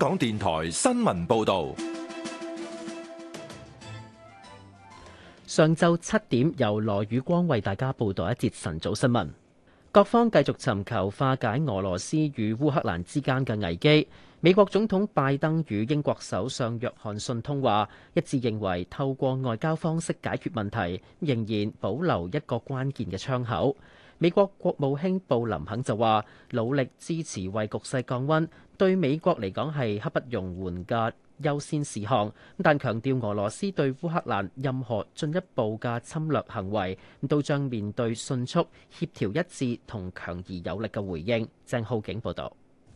港電台新聞報道：上晝七點，由羅宇光為大家報道一節晨早新聞。各方繼續尋求化解俄羅斯與烏克蘭之間嘅危機。美國總統拜登與英國首相約翰遜通話，一致認為透過外交方式解決問題，仍然保留一個關鍵嘅窗口。美國國務卿布林肯就話，努力支持為局勢降温。對美國嚟講係刻不容緩嘅優先事項，但強調俄羅斯對烏克蘭任何進一步嘅侵略行為，都將面對迅速協調一致同強而有力嘅回應。鄭浩景報道。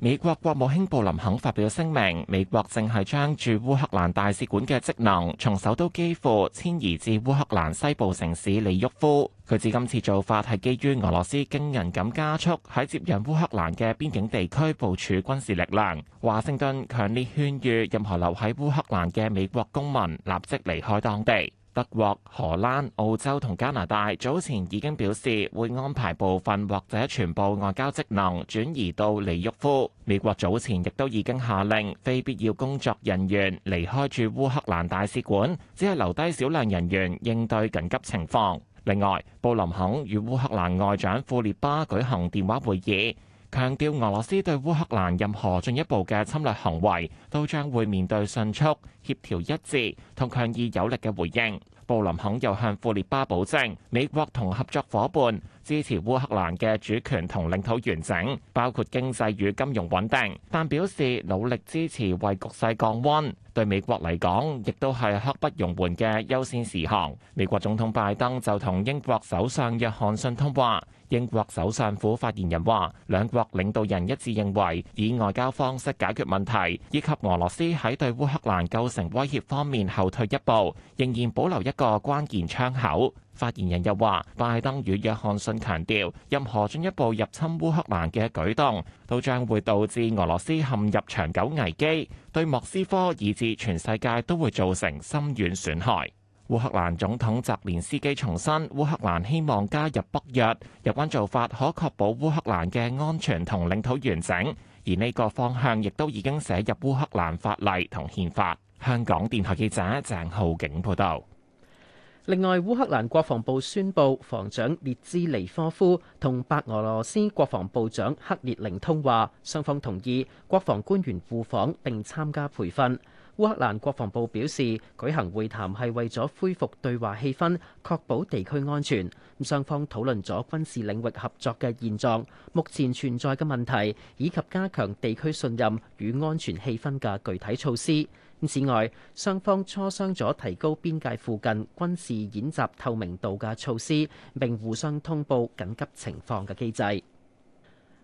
美國國務卿布林肯發表聲明，美國正係將駐烏克蘭大使館嘅職能從首都基輔遷移至烏克蘭西部城市利沃夫。佢指今次做法係基於俄羅斯驚人咁加速喺接壤烏克蘭嘅邊境地區部署軍事力量。華盛頓強烈勸喻任何留喺烏克蘭嘅美國公民立即離開當地。德國、荷蘭、澳洲同加拿大早前已經表示會安排部分或者全部外交職能轉移到利沃夫。美國早前亦都已經下令非必要工作人員離開駐烏克蘭大使館，只係留低少量人員應對緊急情況。另外，布林肯與烏克蘭外長庫列巴舉行電話會議。強調俄羅斯對烏克蘭任何進一步嘅侵略行為，都將會面對迅速協調一致同強而有力嘅回應。布林肯又向庫列巴保證，美國同合作伙伴支持烏克蘭嘅主權同領土完整，包括經濟與金融穩定。但表示努力支持為局勢降温，對美國嚟講亦都係刻不容緩嘅優先事項。美國總統拜登就同英國首相約翰遜通話。英國首相府發言人話，兩國領導人一致認為以外交方式解決問題，以及俄羅斯喺對烏克蘭構成威脅方面後退一步，仍然保留一個關鍵窗口。發言人又話，拜登與約翰遜強調，任何進一步入侵烏克蘭嘅舉動，都將會導致俄羅斯陷入長久危機，對莫斯科以至全世界都會造成深遠損害。烏克蘭總統澤連斯基重申，烏克蘭希望加入北約，有關做法可確保烏克蘭嘅安全同領土完整，而呢個方向亦都已經寫入烏克蘭法例同憲法。香港電台記者鄭浩景報道。另外，烏克蘭國防部宣布，防長列支尼科夫同白俄羅斯國防部長克列寧通話，雙方同意國防官員赴訪並參加培訓。烏克蘭國防部表示，舉行會談係為咗恢復對話氣氛，確保地區安全。雙方討論咗軍事領域合作嘅現狀，目前存在嘅問題，以及加強地區信任與安全氣氛嘅具體措施。此外，雙方磋商咗提高邊界附近軍事演習透明度嘅措施，並互相通報緊急情況嘅機制。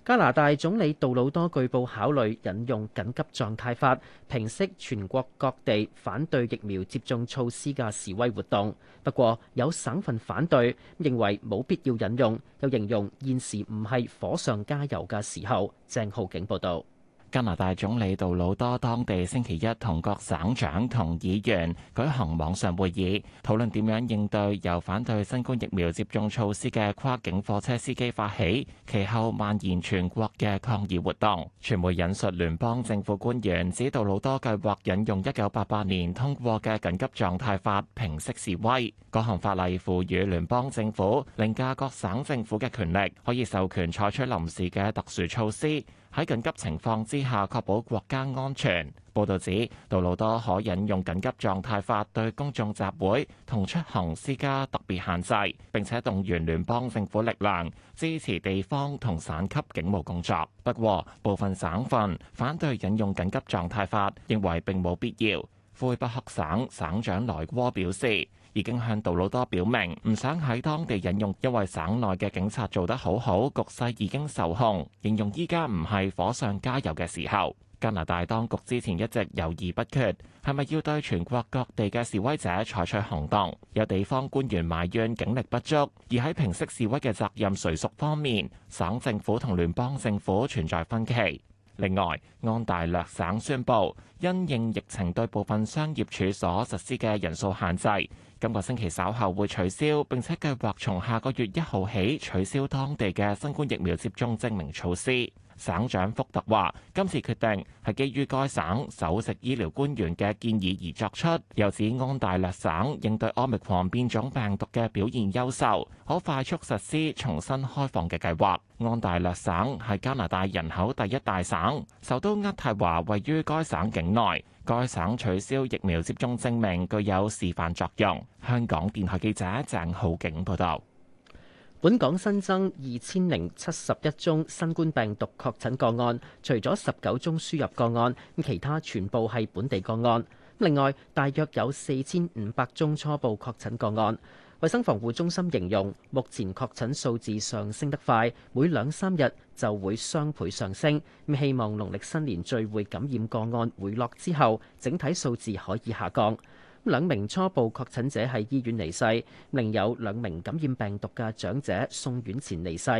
加拿大總理杜魯多據報考慮引用緊急狀態法，平息全國各地反對疫苗接種措施嘅示威活動。不過有省份反對，認為冇必要引用，又形容現時唔係火上加油嘅時候。鄭浩景報道。加拿大總理杜魯多當地星期一同各省長同議員舉行網上會議，討論點樣應對由反對新冠疫苗接種措施嘅跨境貨車司機發起，其後蔓延全國嘅抗議活動，傳媒引述聯邦政府官員指，杜魯多計劃引用一九八八年通過嘅緊急狀態法平息示威。嗰項法例賦予聯邦政府凌駕各省政府嘅權力，可以授權採取臨時嘅特殊措施。喺緊急情況之下，確保國家安全。報導指，杜魯多可引用緊急狀態法對公眾集會同出行施加特別限制，並且動員聯邦政府力量支持地方同省級警務工作。不過，部分省份反對引用緊急狀態法，認為並冇必要。魁北克省省長萊沃表示，已經向杜魯多表明唔想喺當地引用，因為省內嘅警察做得好好，局勢已經受控。形容依家唔係火上加油嘅時候。加拿大當局之前一直猶豫不決，係咪要對全國各地嘅示威者採取行動。有地方官員埋怨警力不足，而喺平息示威嘅責任誰屬方面，省政府同聯邦政府存在分歧。另外，安大略省宣布因應疫情對部分商業處所實施嘅人數限制。今個星期稍後會取消，並且計劃從下個月一號起取消當地嘅新冠疫苗接種證明措施。省長福特話：今次決定係基於該省首席醫療官員嘅建議而作出，又指安大略省應對奧密克戎變種病毒嘅表現優秀，可快速實施重新開放嘅計劃。安大略省係加拿大人口第一大省，首都渥太華位於該省境內。該省取消疫苗接種證明，具有示範作用。香港電台記者鄭浩景報道，本港新增二千零七十一宗新冠病毒確診個案，除咗十九宗輸入個案，其他全部係本地個案。另外，大約有四千五百宗初步確診個案。衛生防護中心形容，目前確診數字上升得快，每兩三日就會雙倍上升。咁希望農曆新年聚會感染個案回落之後，整體數字可以下降。咁兩名初步確診者喺醫院離世，另有兩名感染病毒嘅長者送院前離世。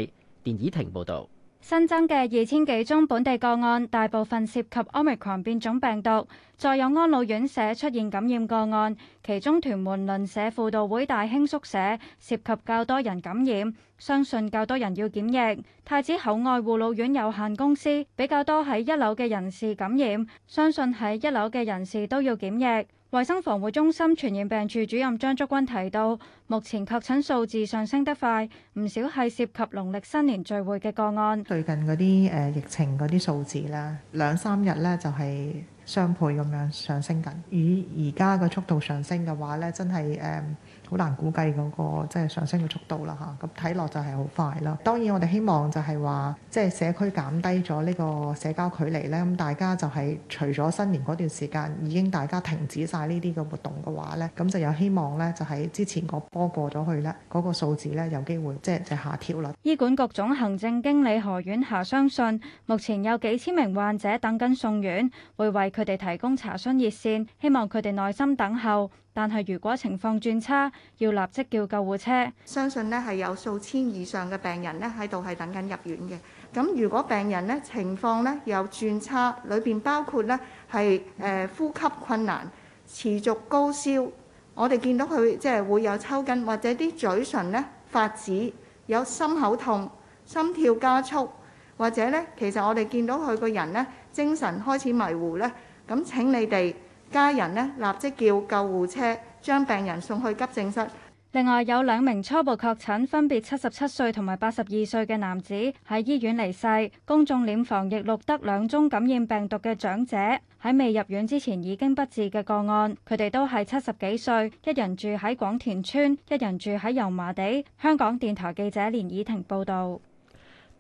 連倚婷報道。新增嘅二千幾宗本地個案，大部分涉及 Omicron 變種病毒，再有安老院舍出現感染個案，其中屯門鄰舍輔導會大興宿舍涉及較多人感染。相信較多人要檢疫。太子口外護老院有限公司比較多喺一樓嘅人士感染，相信喺一樓嘅人士都要檢疫。衞生防護中心傳染病處主任張竹君提到，目前確診數字上升得快，唔少係涉及農曆新年聚會嘅個案。最近嗰啲誒疫情嗰啲數字咧，兩三日咧就係雙倍咁樣上升緊。與而家個速度上升嘅話咧，真係誒。好難估計嗰個即係上升嘅速度啦嚇，咁睇落就係好快啦。當然我哋希望就係話，即係社區減低咗呢個社交距離咧，咁大家就係除咗新年嗰段時間已經大家停止晒呢啲嘅活動嘅話咧，咁就有希望咧就喺之前個波過咗去咧，嗰個數字咧有機會即係就下調啦。醫管局總行政經理何婉霞相信，目前有幾千名患者等緊送院，會為佢哋提供查詢熱線，希望佢哋耐心等候。但係如果情況轉差，要立即叫救護車。相信呢係有數千以上嘅病人呢喺度係等緊入院嘅。咁如果病人呢情況呢有轉差，裏邊包括呢係誒呼吸困難、持續高燒，我哋見到佢即係會有抽筋，或者啲嘴唇呢發紫，有心口痛、心跳加速，或者呢，其實我哋見到佢個人呢精神開始迷糊呢，咁請你哋，家人咧，立即叫救護車，將病人送去急症室。另外有兩名初步確診，分別七十七歲同埋八十二歲嘅男子喺醫院離世。公眾殮房亦錄得兩宗感染病毒嘅長者喺未入院之前已經不治嘅個案，佢哋都係七十幾歲，一人住喺廣田村，一人住喺油麻地。香港電台記者連以婷報道。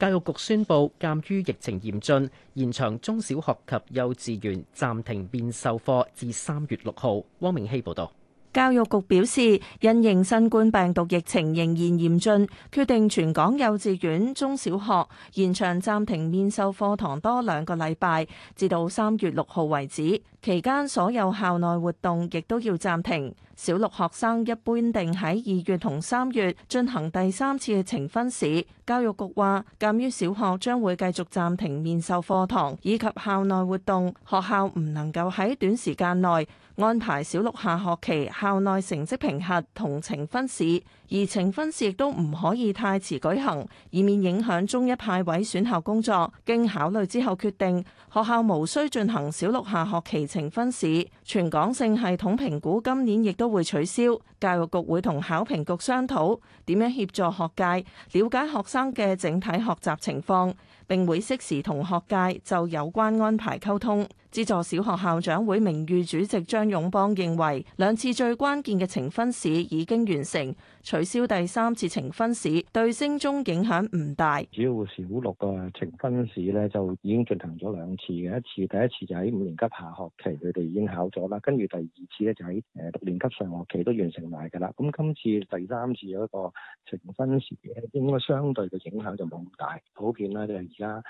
教育局宣布，鑑於疫情嚴峻，延長中小學及幼稚園暫停面授課至三月六號。汪明希報道。教育局表示，因應新冠病毒疫情仍然嚴峻，決定全港幼稚園、中小學延長暫停面授課堂多兩個禮拜，直到三月六號為止。期間所有校內活動亦都要暫停。小六學生一般定喺二月同三月進行第三次嘅呈分試。教育局話，鑑於小學將會繼續暫停面授課堂以及校內活動，學校唔能夠喺短時間內安排小六下學期校內成績評核同呈分試，而呈分試亦都唔可以太遲舉行，以免影響中一派位選校工作。經考慮之後決定，學校無需進行小六下學期呈分試。全港性系統評估今年亦都會取消，教育局會同考評局商討點樣協助學界了解學生嘅整體學習情況，並會適時同學界就有關安排溝通。資助小學校長會名譽主席張勇邦認為，兩次最關鍵嘅呈分試已經完成，取消第三次呈分試對升中影響唔大。主要小六嘅呈分試咧就已經進行咗兩次嘅，一次第一次就喺五年級下學期佢哋已經考咗啦，跟住第二次咧就喺誒六年級上學期都完成埋噶啦。咁今次第三次有一個呈分試咧，應該相對嘅影響就冇咁大。普遍啦，即係而家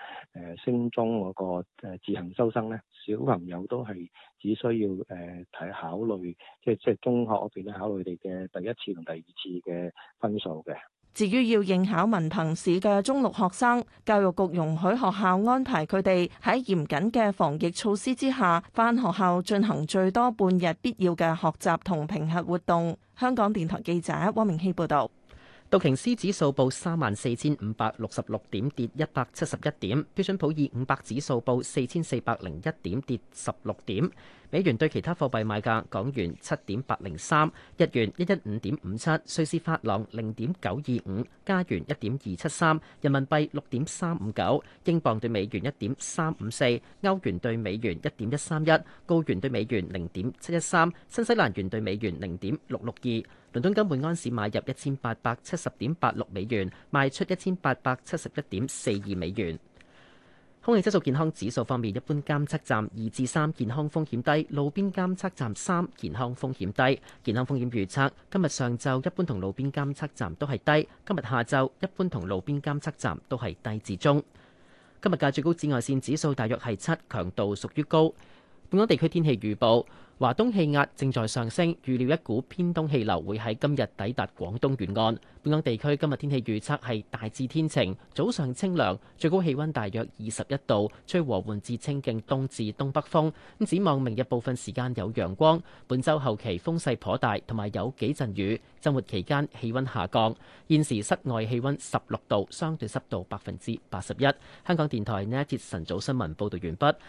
誒升中嗰個誒自行收生咧。小朋友都係只需要誒睇考慮，即係即係中學嗰邊咧，考慮佢哋嘅第一次同第二次嘅分數嘅。至於要應考文憑試嘅中六學生，教育局容許學校安排佢哋喺嚴謹嘅防疫措施之下返學校進行最多半日必要嘅學習同評核活動。香港電台記者汪明熙報導。道瓊斯指數報三萬四千五百六十六點，跌一百七十一點。標準普爾五百指數報四千四百零一點，跌十六點。美元對其他貨幣買價：港元七點八零三，日元一一五點五七，瑞士法郎零點九二五，加元一點二七三，人民幣六點三五九，英鎊對美元一點三五四，歐元對美元一點一三一，高元對美元零點七一三，新西蘭元對美元零點六六二。倫敦金每安士買入一千八百七十點八六美元，賣出一千八百七十一點四二美元。空氣質素健康指數方面，一般監測站二至三，健康風險低；路邊監測站三，健康風險低。健康風險預測：今日上晝一般同路邊監測站都係低；今日下晝一般同路邊監測站都係低至中。今日嘅最高紫外線指數大約係七，強度屬於高。本港地區天氣預報。華東氣壓正在上升，預料一股偏東氣流會喺今日抵達廣東沿岸。本港地區今日天氣預測係大致天晴，早上清涼，最高氣溫大約二十一度，吹和緩至清勁東至東北風。咁展望明日部分時間有陽光，本周後期風勢頗大，同埋有幾陣雨。周末期間氣溫下降，現時室外氣溫十六度，相對濕度百分之八十一。香港電台呢一節晨早新聞報道完畢。